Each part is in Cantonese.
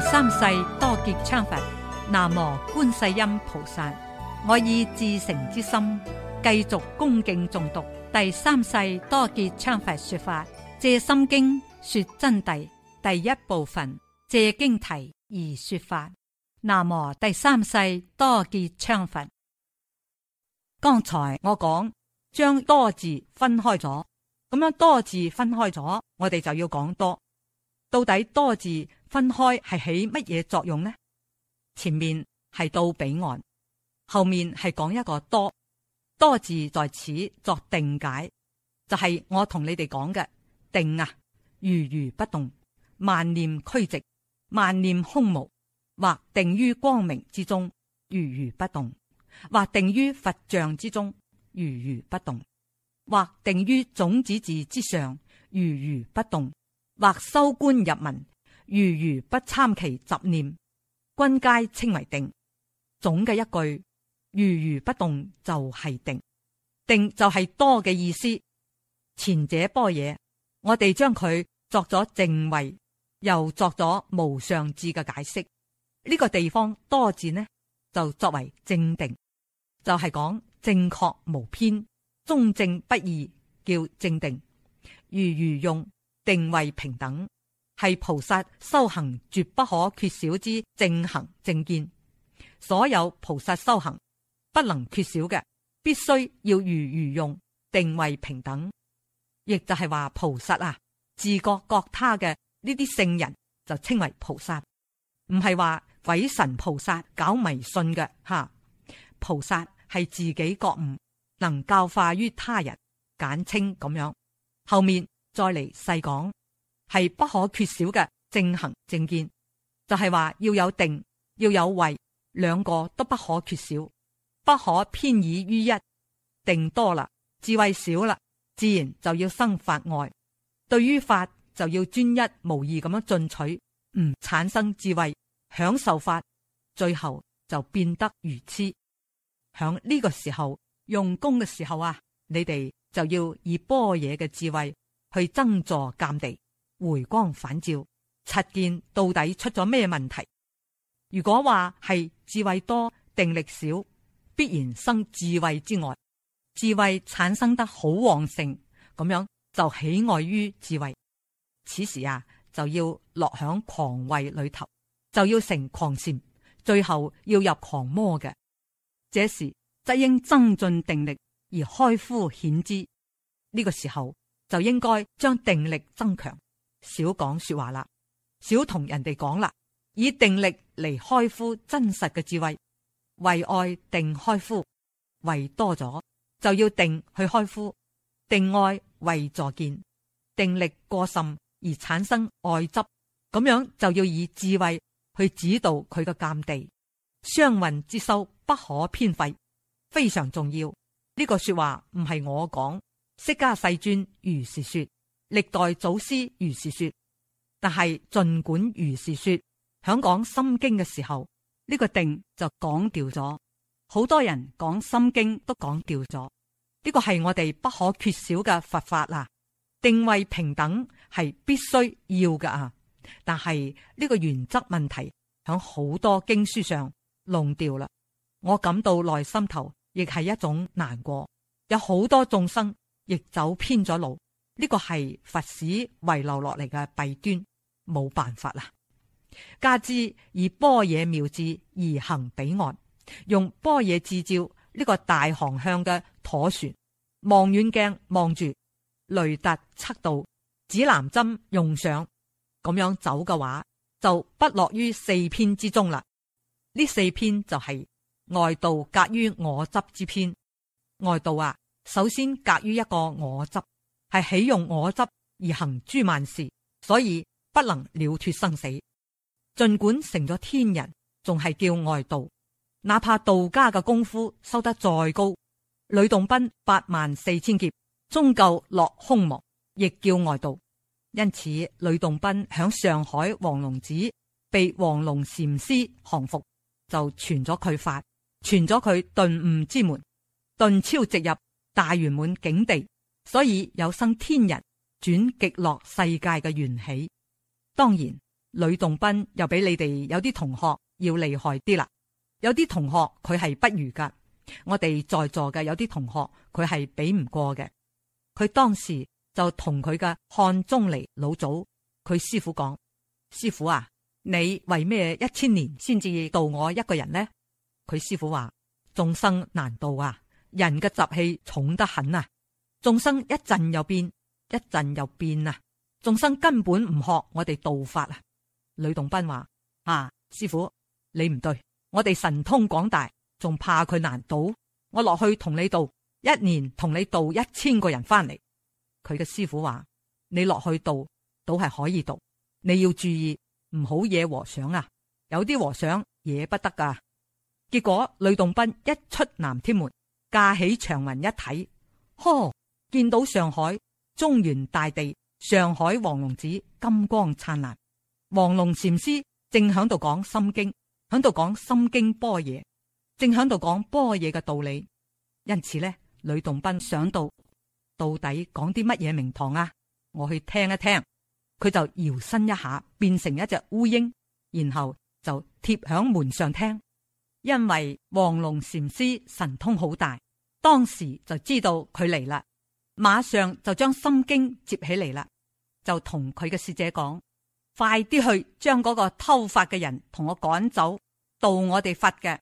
第三世多杰羌佛，南無觀世音菩薩。我以至誠之心繼續恭敬誦讀第三世多杰羌佛說法《藉心經》說真諦第一部分《藉經題》而說法。南無第三世多杰羌佛。剛才我講將多字分開咗，咁樣多字分開咗，我哋就要講多到底多字。分開係起乜嘢作用呢？前面係到彼岸，後面係講一個多多字在此作定解，就係、是、我同你哋講嘅定啊，如如不動，萬念俱寂，萬念空無，或定於光明之中，如如不動；或定於佛像之中，如如不動；或定於種子字之上，如如不動；或收觀入文。如如不參其雜念，均皆稱為定。總嘅一句，如如不動就係定，定就係多嘅意思。前者般若，我哋將佢作咗正位，又作咗無上智嘅解釋。呢、這個地方多字呢，就作為正定，就係、是、講正確無偏、中正不二，叫正定。如如用定位平等。係菩薩修行絕不可缺少之正行正見，所有菩薩修行不能缺少嘅，必須要如如用定慧平等，亦就係話菩薩啊，自覺覺他嘅呢啲聖人就稱為菩薩，唔係話鬼神菩薩搞迷信嘅吓，菩薩係自己覺悟，能教化於他人，簡稱咁樣，後面再嚟細講。係不可缺少嘅正行正見，就係話要有定，要有慧，兩個都不可缺少，不可偏倚於一。定多啦，智慧少啦，自然就要生法外。對於法就要專一無二咁樣進取，唔產生智慧，享受法，最後就變得如痴。響呢個時候用功嘅時候啊，你哋就要以般若嘅智慧去增助鑑地。回光返照，察見到底出咗咩問題？如果話係智慧多，定力少，必然生智慧之外，智慧產生得好旺盛，咁樣就喜愛於智慧。此時啊，就要落響狂慧裏頭，就要成狂禪，最後要入狂魔嘅。這時則應增進定力而開夫顯之。呢個時候就應該將定力增強。少講說話啦，少同人哋講啦，以定力嚟開夫真實嘅智慧，為愛定開夫，為多咗就要定去開夫，定愛為助見，定力過甚而產生愛執，咁樣就要以智慧去指導佢嘅鑒地，雙運之修不可偏廢，非常重要。呢個說話唔係我講，釋迦世尊如是說。歷代祖師如是說，但係盡管如是說，響講心經嘅時候，呢個定就講掉咗。好多人講心經都講掉咗，呢個係我哋不可缺少嘅佛法啊！定位平等係必須要嘅啊，但係呢個原則問題響好多經書上弄掉啦，我感到內心頭亦係一種難過，有好多眾生亦走偏咗路。呢個係佛史遺留落嚟嘅弊端，冇辦法啦。加之以般若妙智而行彼岸，用般若智照呢個大航向嘅舵船望遠鏡望住雷達測度指南針用上咁樣走嘅話，就不落於四篇之中啦。呢四篇就係外道隔於我執之篇，外道啊，首先隔於一個我執。係喜用我執而行諸萬事，所以不能了脫生死。儘管成咗天人，仲係叫外道。哪怕道家嘅功夫修得再高，呂洞賓八萬四千劫終究落空亡，亦叫外道。因此，呂洞賓響上海黃龍寺被黃龍禪師降服，就傳咗佢法，傳咗佢頓悟之門，頓超直入大圓滿境地。所以有生天人轉極樂世界嘅緣起，當然呂洞賓又比你哋有啲同學要厲害啲啦。有啲同學佢係不如㗎，我哋在座嘅有啲同學佢係比唔過嘅。佢當時就同佢嘅漢鍾離老祖佢師傅講：師傅啊，你為咩一千年先至渡我一個人呢？佢師傅話：眾生難渡啊，人嘅習氣重得很啊。眾生一陣又變，一陣又變啊！眾生根本唔學我哋道法啊！呂洞賓話：啊，師傅，你唔對，我哋神通廣大，仲怕佢難倒？我落去同你道，一年同你道一千個人翻嚟。佢嘅師傅話：你落去道，倒係可以道，你要注意唔好惹和尚啊！有啲和尚惹不得噶。結果呂洞賓一出南天門，駕起祥雲一睇，呵！見到上海中原大地，上海黃龍寺金光燦爛。黃龍禪師正響度講心經，響度講心經般若，正響度講般若嘅道理。因此呢呂洞賓想到到底講啲乜嘢名堂啊？我去聽一聽。佢就搖身一下變成一隻烏蠅，然後就貼響門上聽。因為黃龍禪師神通好大，當時就知道佢嚟啦。馬上就將心經接起嚟啦，就同佢嘅侍者講：快啲去將嗰個偷法嘅人同我趕走，盜我哋法嘅。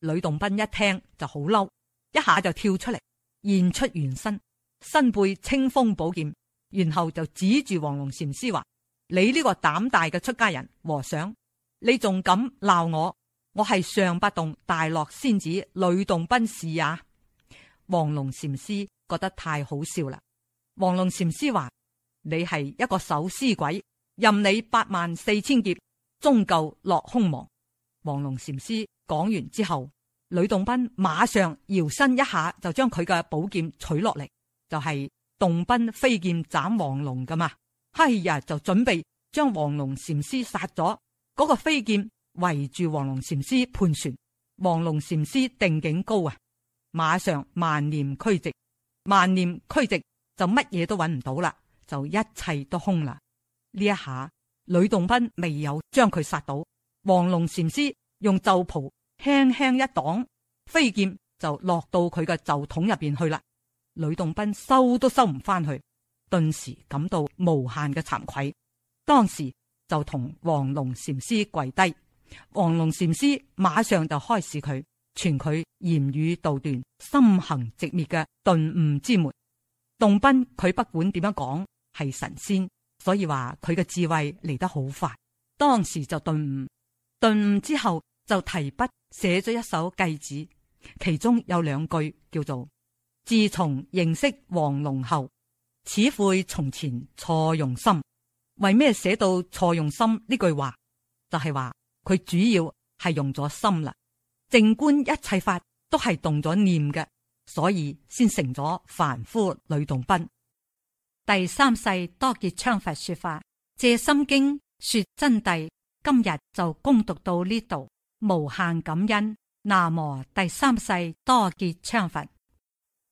呂洞賓一聽就好嬲，一下就跳出嚟，現出原身，身背青鋒寶劍，然後就指住黃龍禪師話：你呢個膽大嘅出家人，和尚，你仲敢鬧我？我係上百動大樂仙子呂洞賓是也。黃龍禪師。覺得太好笑了。黃龍禪師話：你係一個守屍鬼，任你八萬四千劫，終究落空亡。黃龍禪師講完之後，呂洞賓馬上搖身一下就將佢嘅寶劍取落嚟，就係、就是、洞賓飛劍斬黃龍噶嘛。係、哎、呀，就準備將黃龍禪師殺咗。嗰、那個飛劍圍住黃龍禪師盤旋，黃龍禪師定境高啊，馬上萬念俱寂。萬念俱寂，就乜嘢都揾唔到啦，就一切都空啦。呢一下，呂洞賓未有將佢殺到，黃龍禪師用袖袍輕輕一擋，飛劍就落到佢嘅袖筒入邊去啦。呂洞賓收都收唔翻去，頓時感到無限嘅慚愧，當時就同黃龍禪師跪低。黃龍禪師馬上就開示佢。傳佢言語道斷、心行直滅嘅頓悟之門。洞賓佢不管點樣講，係神仙，所以話佢嘅智慧嚟得好快，當時就頓悟。頓悟之後就提筆寫咗一首偈子，其中有兩句叫做：自從認識黃龍後，始悔從前錯用心。為咩寫到錯用心呢句話？就係話佢主要係用咗心啦。淨觀一切法都係動咗念嘅，所以先成咗凡夫呂洞賓。第三世多杰羌佛說法，藉心經說真諦。今日就恭讀到呢度，無限感恩。那麼第三世多杰羌佛。